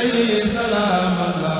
alayhi salaam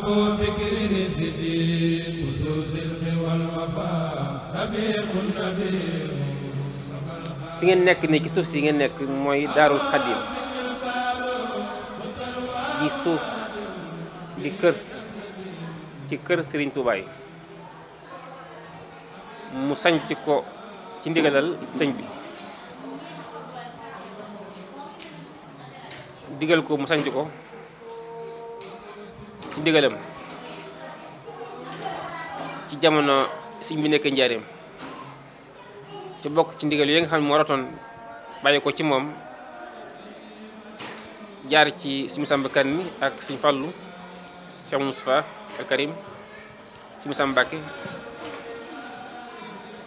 fi ngeen nekk ni ci suuf si ngeen nekk mooy daarul xadim di suuf di kër ci kër Serigne Touba mu sanc ko ci ndigalal sëñ bi digal ko mu sanc ko ci ndigalam ci jamono sëñ bi nekk njaareem ci bokk ci ndigal yi nga xam ne moo ratoon bàyyi ko ci moom jaar ci sëñ Samba Kanni ak sëñ Fallu Cheikh Moustapha ak Karim sëñ Samba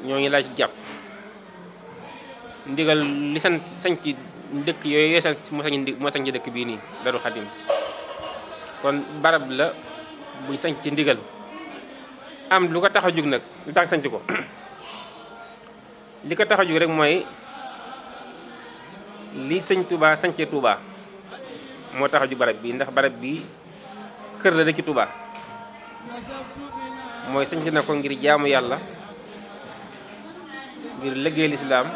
ñoo ngi laa ci jàpp ndigal li sant sañ ci dëkk yooyu yooyu sant moo sañ moo sañ ci dëkk bii nii Daaru Xadim kon barab la buñ sanc ci ndigal am lu ko tax a jug nag lu tax sanc ko li ko tax a jug rek mooy li sëñ Touba sañcee Touba moo tax a barab bi ndax barab bi kër la rek ci Touba mooy sanc na ko ngir jaamu yàlla ngir liggéey lislaam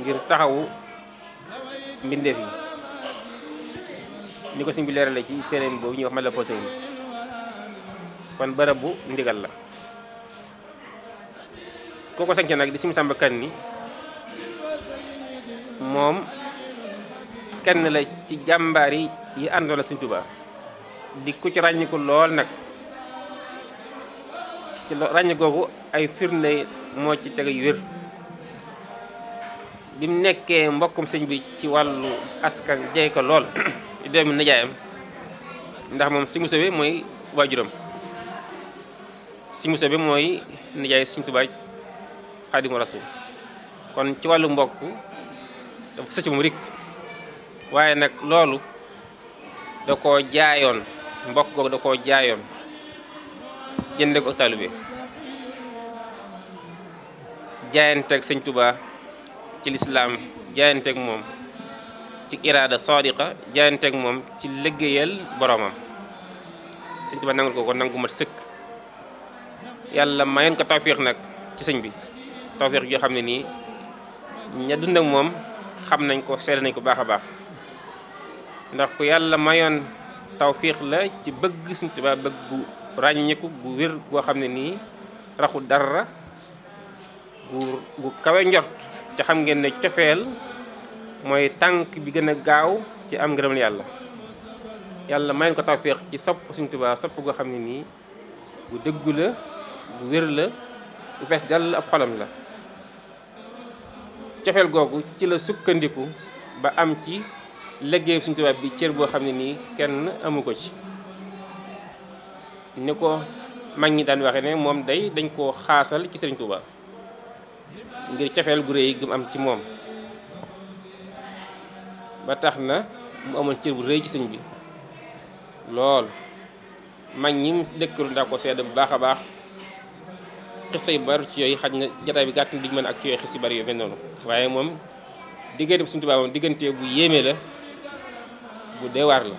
ngir taxawu mbindéef yi ni ko sëñ ci téeréem boobu ñuy wax ma la posé yi kon bërëb bu ndigal la kooko sanc nag di si Kan ni moom kenn la ci jàmbaar yi yi àndoon la Sëñ Tuubaa di ku ci ràññiku lool nag ci ràññ googu ay firnde moo ci teg yu wér bi mu nekkee mbokkum sëñ bi ci wàllu askan jey ko lool doomi nijaayam ndax moom Serigne Moussa bi mooy waajuram Serigne Moussa bi mooy nijaay Serigne Touba Xaadimu Rasuul kon ci wàllu mbokk dafa sëcc moom rikk waaye nag loolu da koo jaayoon mbokk googu da koo jaayoon jënde ko taalibe bi jaayanteeg Serigne Touba ci lislaam jaayanteeg moom ci iraada sadiqa jaayanteeg moom ci liggéeyal boroomam sëñ Tuubaa nangul ko ko nangu mat sëkk yàlla mayoon ko tawfiix nag ci sëñ bi tawfiix joo xam ne nii ña dund moom xam nañ ko seede nañ ko baax a baax ndax ku yàlla mayoon tawfiix la ci bëgg sëñ bëgg bu ràññeeku bu wér goo xam ne nii raxu dara gu gu kawe njort ca xam ngeen ne cofeel mooy tànk bi gën a gaaw ci am ngërëm yàlla yàlla mayen ko tawféex ci sopp Sëriñ Tuubaa sopp goo xam ne nii bu dëggu la bu wér la bu fees dal ab xolam la cofeel googu ci la sukkandiku ba am ci liggéey Sëriñ Tuubaa bi cër boo xam ne nii kenn amu ko ci ni ko mag ñi daan waxee ne moom day dañ koo xaasal ci Sëriñ Tuubaa ngir cofeel gu réy gi mu am ci moom ba tax na mu amoon cër bu rëy ci sëñ bi lool mag ñi mu dëkkalu daa ko sedd bu baax a baax xista yu bari ci yooyu xaj na jataay bi gàtt na diñ mën ak ci yooyu xis yu bari yu mel noonu waaye moom diggante bu suñu tubaab moom diggante bu yéeme la bu deewaar la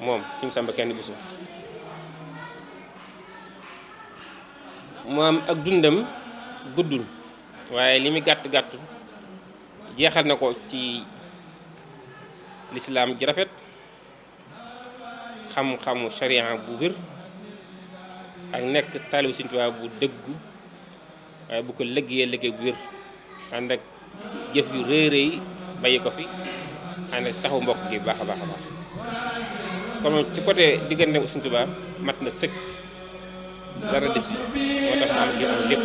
moom suñu sàmba kenn bisu moom ak dundam guddul waaye li muy gàtt gàtt jeexal na ko ci lislaam ji rafet xam-xamu sharia bu wér ak nekk taalibu Sëriñ bu dëggu waaye bu ko liggéeyee liggéey bu wér ànd ak jëf yu rëy rëy bàyyi ko fi ànd ak taxu mbokk gi baax a baax a baax comme ci côté diggante Sëriñ Tuubaa mat na sëkk dara des moo tax am lépp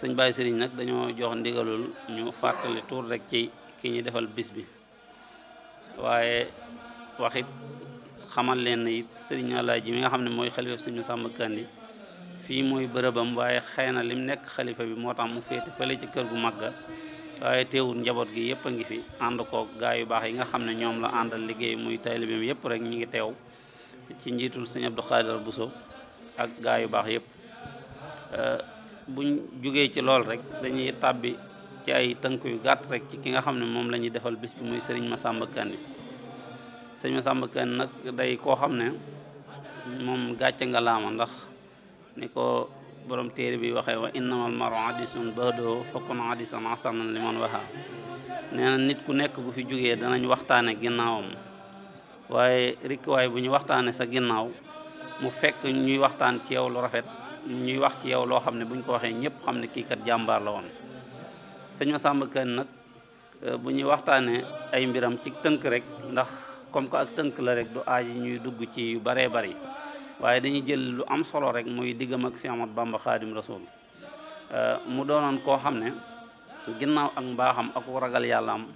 sëñ Baye Serigne nag dañoo jox ndigalul ñu fàttali tuur rek ci ki ñu defal bis bi waaye waxit xamal leen ne it Serigne Alaaji mi nga xam ne mooy xalifa suñu Sàmba Kandi fii mooy bërëbam waaye xëy na lim nekk xalifa bi moo tax mu féete fële ci kër gu màgga waaye teewul njaboot gi yëpp a ngi fi ànd koog gaa yu baax yi nga xam ne ñoom la àndal liggéey muy taalibeem yëpp rek ñu ngi teew ci njiitul sëñ Abdou Khadir Bousso ak gaa yu baax yépp buñ jugee ci lool rek dañuy tàbbi ci ay tënk yu gàtt rek ci ki nga xam ne moom la ñuy defal bis bi muy sëriñ Massamba Kanni sëriñ Massamba Kanni nag day koo xam ne moom gàcce nga laama ndax ni ko borom téere bi waxee wa innamal maru adisun badoo fakkun adisan asanan li man waxa nee na nit ku nekk bu fi jógee danañ waxtaane ginnaawam waaye rikk waaye bu ñu waxtaane sa ginnaaw mu fekk ñuy waxtaan ci yow lu rafet ñuy wax ci yow loo xam ne buñ ko waxee ñëpp xam ne kii kat jàmbaar la woon sëñ Massamba Kane nag euh, bu ñuy waxtaanee ay mbiram ci tënk rek ndax comme que ak tënk la rek du aaj ñuy dugg ci yu baree bari waaye dañuy jël lu am solo rek muy diggam ak Cheikh Ahmadou Bamba Khadim Rasoul euh, mu doonoon koo xam ne ginnaaw ak mbaaxam ak ragal yàlla am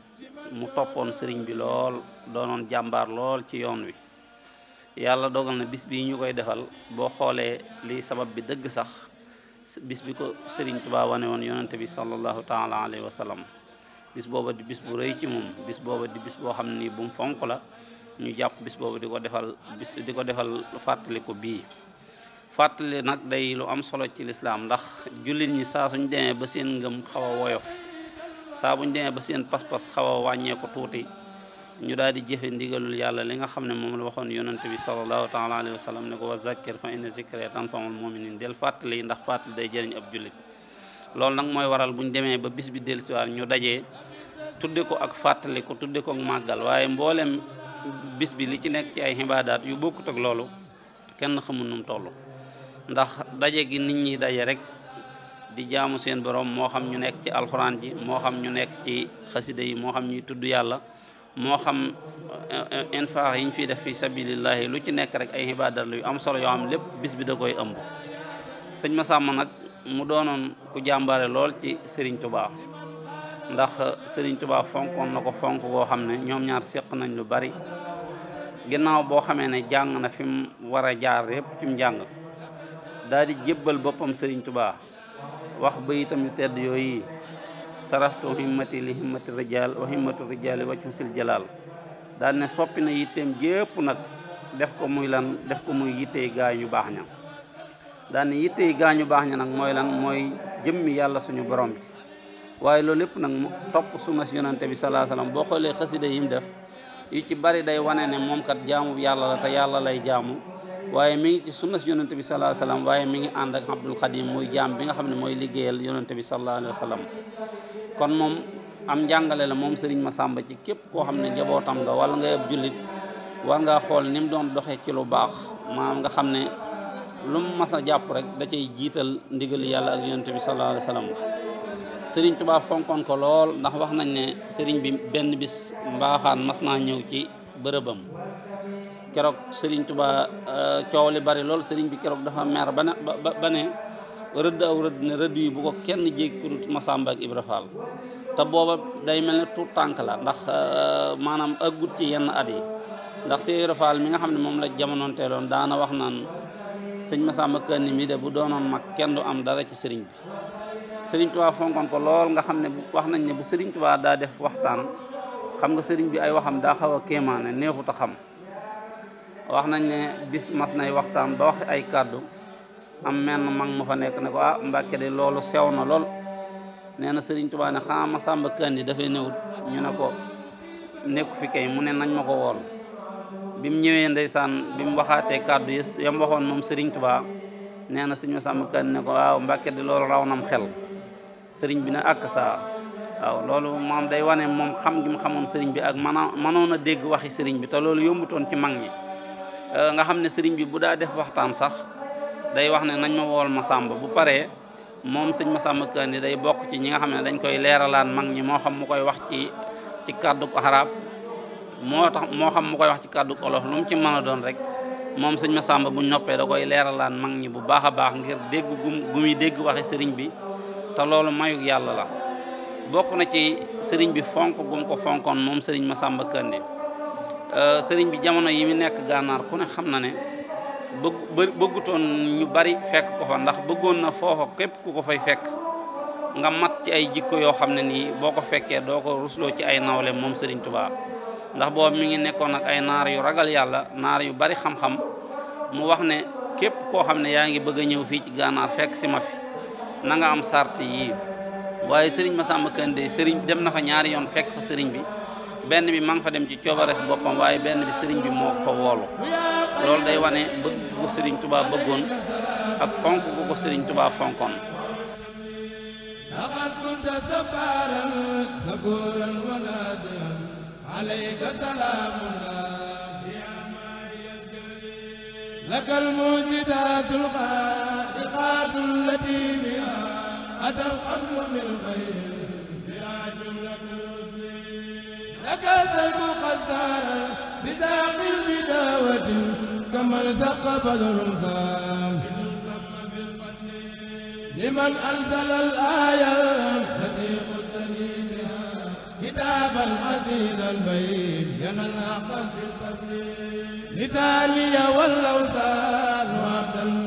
mu toppoon sëriñ bi lool doonoon jàmbaar lool ci yoon wi yàlla dogal na bis bi ñu koy defal boo xoolee li sabab bi dëgg sax bis bi ko sëriñ Tuubaa wane woon yonente bi sallallahu taala alayhi wa sallam bis booba di bis bu rëy ci moom bis booba di bis boo xam ni bu mu fonk la ñu jàpp bis boobu di ko defal di ko defal fàttali ko bii fàttali nag day lu am solo ci lislaam ndax jullit ñi saa suñ demee ba seen ngëm xaw a woyof saa buñ demee ba seen pas-pas xaw a wàññeeku tuuti ñu daal di jëfe ndigalul yàlla li nga xam ne moom la waxoon yonante bi salallahu taala alayhi wa sallam ne ko wa zakkir fa inna zikra tanfaul muminin del fàttali ndax fàttali day jëriñ ab jullit loolu nag mooy waral bu ñu demee ba bis bi del siwaar ñu dajee tudde ko ak fàttali ko tudde ko màggal waaye mboolem bis bi li ci nekk ci ay xibaadaat yu bokkut ak loolu kenn xamul nu mu toll ndax daje gi nit ñi daje rek di jaamu seen borom moo xam ñu nekk ci alxuraan ji moo xam ñu nekk ci xasida moo xam ñuy tudd yàlla moo xam euh, infaq yi ñu fiy def fi sabilillahi lu ci nekk rek ay xibaadar la yu am solo yoo xam lépp bis bi da koy ëmb sëñ sàmm nag mu doonoon ku jàmbaare lool ci sëriñ Touba ndax sëriñ tubaa fonkoon na ko fonk goo xam ne ñoom ñaar seq nañ lu bari ginnaaw boo xamee ne jàng na fi mu war a jaar yépp ci mu jàng daal jébbal boppam sëriñ tubaa wax ba itam yu tedd yooyu saraftu himmati li himmati rijal wa himmatu rijali waccu sil jalal daan ne soppi na yitteem jépp nag def ko muy lan def ko muy yittey gaañu baax ña daan ne yittey gaañu baax ña nag mooy lan mooy jëmmi yàlla suñu borom bi waaye loolu lépp nag topp sunna si yonante bi salaa salaam boo xoolee xasida yi mu def yu ci bari day wane ne moom kat jaamu yàlla la te yàlla lay jaamu waaye mi ngi ci si yonante bi salaa salaam waaye mi ngi ànd ak Abdul Xadim muy jaam bi nga xam ne mooy liggéeyal yonante bi salaa alayhi wa kon moom am njàngale la moom sëriñ ma sàmba ci képp koo xam ne njabootam nga wala nga ab jullit war ngaa xool ni mu doon doxee ci lu baax maanaam nga xam ne lu mu mas jàpp rek da cay jiital ndigal yàlla ak yonent bi sallallahu sëriñ Tuubaa fonkoon ko lool ndax wax nañ ne sëriñ bi benn bis mbaaxaan mas naa ñëw ci bërëbam keroog sëriñ Tuubaa euh, coow li bari lool sëriñ bi keroog dafa mer ba ne rëdd aw rëdd ne rëdd yi bu ko kenn jéeg ku Masamba ak Ibra te booba day mel ne tuut tànk la ndax euh, maanaam ëggut ci yenn at yi ndax si Ibra Fall mi nga xam ne moom la jamonoonteeloon daana wax naan sëñ Masamba Kanni mi de bu doonoon mag kenn du am dara ci sëriñ bi sëriñ Tuubaa fonkoon ko lool nga xam ne wax nañ ne bu sëriñ Tuubaa daa def waxtaan xam nga sëriñ bi ay waxam daa xaw a kéemaane neexut a xam wax nañ ne bis mas nay waxtaan ba wax ay kàddu am menn mag ma fa nekk ne ko ah Mbàkke de loolu sew na lool nee na Sëriñ Tuubaa ne xanaa Masamba Kandi dafay newut ñu ne ko nekku fi kay mu ne nañ ma ko woon bi mu ñëwee ndeysaan bi mu waxaate kàddu yi yam waxoon moom Sëriñ Tuubaa nee na Sëriñ Masamba Kandi ne ko waaw ah, Mbàkke de loolu raw nam xel sëriñ bi ne ak saa waaw loolu moom day wane moom xam gi mu xamoon sëriñ bi ak mana mënoon a dégg waxi sëriñ bi te loolu yombutoon ci mag ñi nga xam ne sëriñ bi bu daa def waxtaan sax day wax ne nañ ma wool Masamba bu paree moom sëñ Masamba Kanni day bokk ci ñi nga xam ne dañ koy leeralaan mag ñi moo xam mu koy wax ci ci kàddu arab moo tax moo xam mu koy wax ci kàddu olof lu ci mën doon rek moom sëñ ma Masamba bu noppee da koy leeralaan mag ñi bu baax a baax ngir dégg gum gu muy dégg waxe sëriñ bi te loolu mayu yàlla la bokk na ci sëriñ bi fonk gum ko fonkoon moom sëriñ Masamba Kanni euh, sëriñ bi jamono yi mu nekk gànnaar ku ne xam na ne bëgg bëggutoon ñu bari fekk ko fa ndax bëggoon na foofa képp ku ko fay fekk nga mat ci ay jikko yoo xam ne nii boo ko fekkee doo ko rusloo ci ay nawle moom Serigne tubaab ndax boobu mi ngi nekkoon ak ay naar yu ragal yàlla naar yu bari xam-xam mu wax ne képp koo xam ne yaa ngi bëgg a ñëw fii ci gànnaar fekk si ma fi na nga am sart yii waaye ma Serigne Massamba Kandé Serigne dem na fa ñaari yoon fekk fa Serigne bi benn bi ma nga fa dem ci coobares boppam waaye benn bi sëriñ bi moo ko fa woolu loolu day wane bëgg bu sëriñ Tuubaa bëggoon ak fonk bu ko sëriñ Tuubaa fonkoon لك الموجدات الخارقات التي بها أتى القلب من غير بها جملة الرسل لمن أنزل الآية التي قلت لي بها كتابا عزيزا بينا الحق بالفصل لساني والأوثان وعبد المؤمن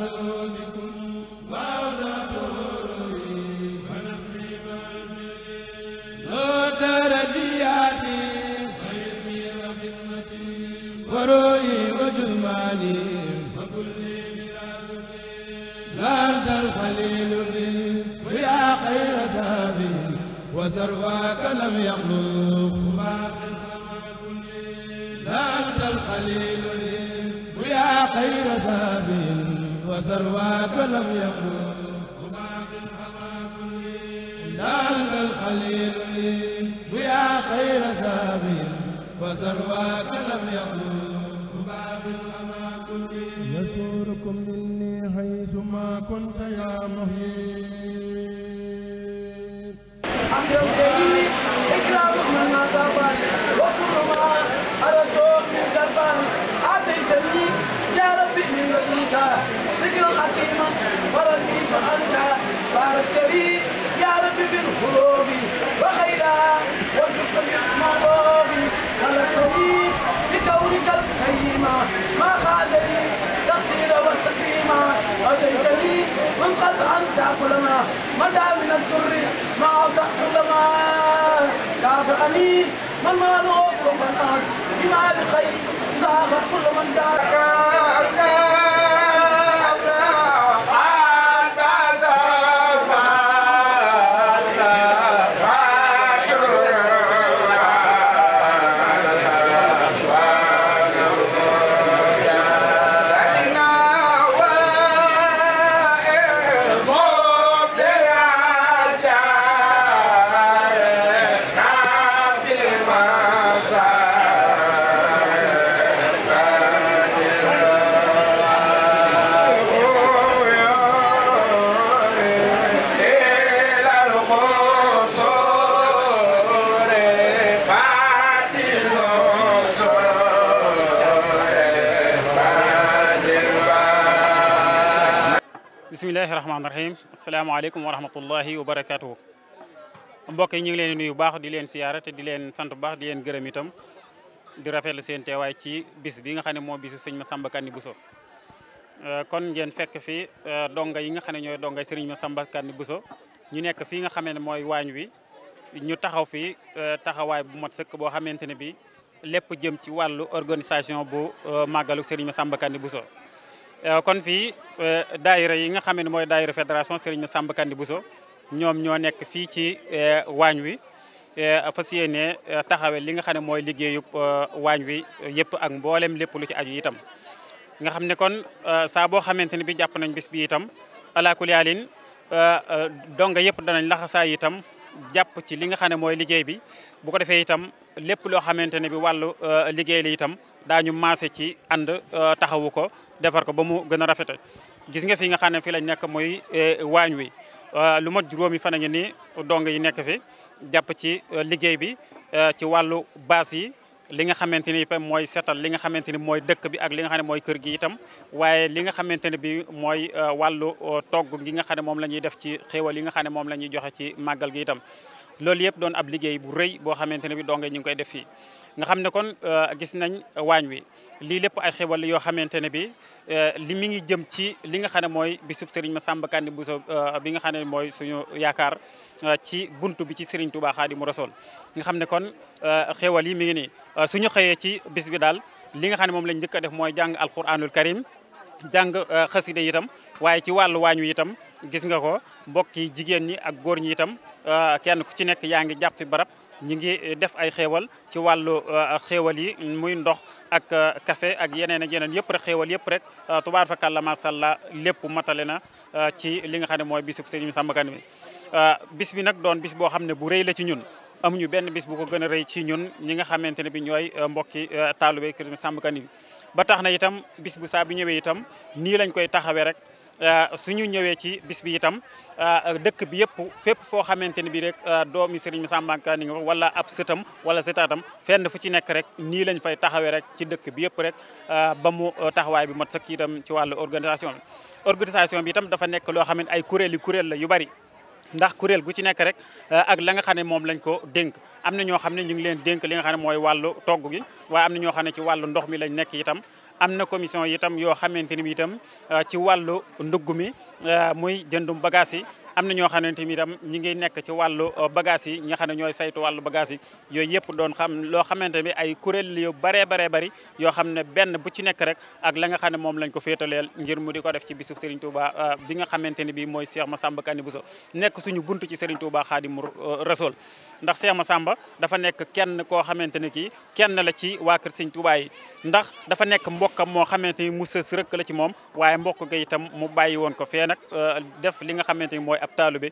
الحليم فكلي بلا لا أنت الخليل لي ويا خير ثابي وثرواك لم يخلق لا أنت الخليل لي ويا خير ثابي وثرواك لم يخلق لا أنت الخليل لي ويا خير ثابي وثرواك لم يخلق يسوركم مني حيث ما كنت يا مهيب أكرم كريم إكرام من ما تفعل وكل ما أردت من تفعل آتيتني يا ربي من لدنك ذكرا حكيما فرديت أنت باركت لي يا ربي بالقلوب استطعت كلما كافأني من ماله وفنأت بما لخير ساغت كل من جاءك rahmaani rahiim asalaamaaleykum wa rahmatullahi wa barakaatu. mbokk yi ñu ngi leen di nuyu baax di leen siyaara te di leen sant baax di leen gërëm itam di rafetlu seen teewaay ci bis bi nga xam ne moo bisu sëñ Massamba Kanni Bousso. Euh, kon ngeen fekk fi euh, donga yi nga xam ne ñooy dongay sëriñ Massamba Kanni Bousso ñu nekk fii nga xam ne mooy waañ wi ñu taxaw fi euh, taxawaay bu mat sëkk boo xamante ne bi lépp jëm ci wàllu organisation bu màggalu ma Massamba Kanni Bousso Euh, kon fii euh, daayira yi nga xam ne mooy daayira fédération Serigne Massamba Kanni Bousso ñoom ñoo nekk fii ci euh, waañ wi fas yéene taxawel li nga xam ne mooy liggéeyu waañ wi yëpp ak mboolem lépp lu ci aju itam nga xam ne kon saa boo xamante ne bi jàpp nañ bis bi itam alaakuliyaalin donga yëpp danañ laxasaa itam jàpp ci li nga xam ne mooy liggéey bi bu ko defee itam lépp loo xamante ne bi wàllu euh, liggéey li itam daañu maase ci ànd euh, taxawu ko defar ko ba mu gën a rafete gis nga fi nga xam ne fi lañ nekk mooy euh, waañ wi lu mot juróomi fan a ngi ni dong yi nekk fi jàpp ci liggéey bi ci wàllu baas yi li nga xamante ni itam mooy seetal li nga xamante ni mooy dëkk bi ak li nga xam ne mooy kër gi itam waaye li nga xamante ne bi mooy euh, wàllu euh, togg gi nga xam ne moom la ñuy def ci xéewal yi nga xam ne moom la ñuy joxe ci màggal gi itam loolu yëpp doon ab liggéey bu rëy boo xamante ne bi donge ñu ngi koy def nga xam ne kon euh, gis nañ waañ wi lii lépp ay yoo xamante ne bi li mi ngi jëm ci li nga xam ne mooy bisub Serigne Massamba Kanni Bousso bi nga xam ne mooy suñu yaakaar ci buntu bi ci Serigne Touba Xaadimu Rasuul nga xam ne kon euh, xéewal yi mi ngi nii euh, suñu xëyee ci bis daal li nga xam ne moom lañ njëkk a def mooy jàng alquranul karim jàng euh, xasida itam waaye ci wàllu waañu itam gis nga ko mbokk yi jigéen ñi ak góor ñi itam kenn ku ci nekk yaa ngi jàpp fi barab ñi ngi def ay xéewal ci wàllu xewal yi muy ndox ak café ak yeneen ak yeneen yëpp rek xéewal yëpp rek tubaar fakàlla masàlla lépp matale na ci li nga xam ne mooy bisub Serigne Samba Kane Euh, bis bi nag doon bis boo xam ne bu rëy la ci ñun amuñu benn bis bu ko gën a rëy ci ñun ñi nga xamante ne bi ñooy euh, mbokki euh, taalibe Kër Samba Kani bi ba tax na itam bis bu saa bu ñëwee itam nii lañ koy taxawee rek suñu ñëwee ci bis bi itam dëkk bi yëpp fépp foo xamante ne bi rek doomi Serigne Samba Kani nga wala ab sëtam wala sëtaatam fenn fu ci nekk rek nii lañ fay taxawee rek ci dëkk bi yëpp rek ba mu taxawaay bi mat sëkk itam ci wàllu organisation bi organisation bi itam dafa nekk loo xam ne ay kuréel yi kuréel la yu bari ndax kuréel gu ci nekk rek euh, ak la nga xam ne moom lañ ko dénk am na ñoo xam ne ñu ngi leen dénk li nga xam ne mooy wàllu togg gi waaye am na ñoo xam ne ci wàllu ndox mi lañ nekk itam am na commission itam yoo xamante ni bi itam euh, ci wàllu ndugg mi euh, muy jëndum bagage yi am na ñoo xamante ni itam ñi ngi nekk ci wàllu euh, bagage yi ñi xam ne ñooy saytu wàllu bagage yi yooyu yëpp doon xam loo xamante ni ay kuréel yu bare baree bari yoo xam ne benn bu ci nekk rek ak la nga xam ne moom lañ ko féetaleel ngir mu di ko def ci bisu Serigne Touba euh, bi nga xamante ni bii mooy Cheikh Massamba Kanni Bousso nekk suñu bunt ci Serigne Touba Xaadimu euh, Rasul ndax ma sàmba dafa nekk kenn koo xamante ni kii kenn la ci waa kër Serigne yi ndax dafa nekk mbokkam moo xamante ni mu sës rëkk la ci moom waaye mbokk itam mu bàyyi woon ko fee nag def li nga xamante ni mooy ab taalibe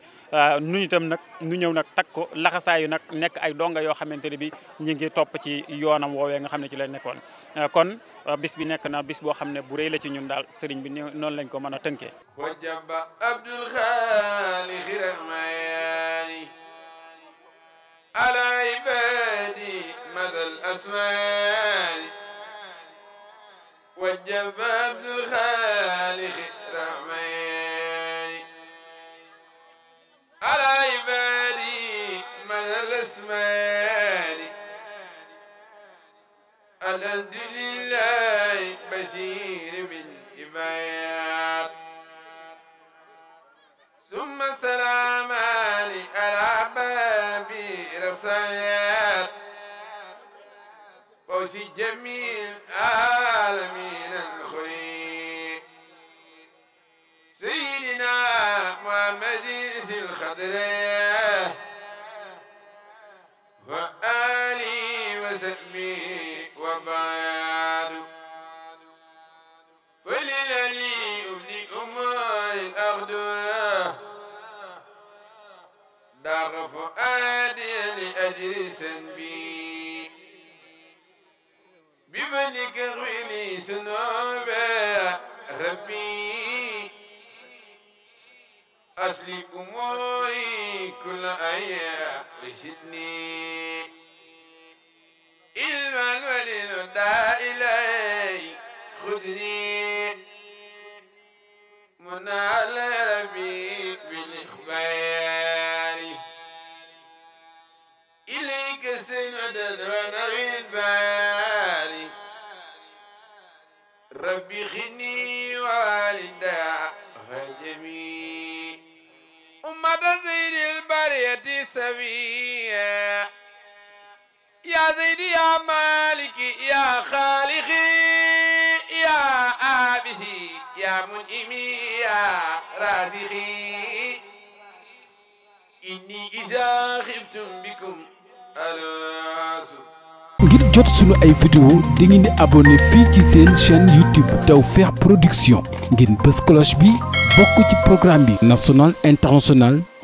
nu itam nag nu ñëw nag takk ko laxasaayu nag nekk ay donga yoo xamante ne bi ñu topp ci yoonam woowee nga xam ne ci la nekkoon euh, kon euh, bis bi nekk na bis boo xam ne bu la ci ñun daal sëriñ bi noonu lañ ko mën a tënkee wajaba abdul xaali xiramaani ala الاسمان الحمد لله بشير من إبيات ثم سلامان على بابي رسيات فوز جميع عالمين الخير سيدنا محمد ذي الخضرين أجلس بي بملك غيلي سنوب ربي أسلك أموري كل أيام رشدني إلما الولد دا إلي خذني منال خالقي يا ngir jot sunu ay vidéo da ngeen di fii ci seen chaîne YouTube Tawfekh Production ngeen bës cloche bi bokk ci programme bi national international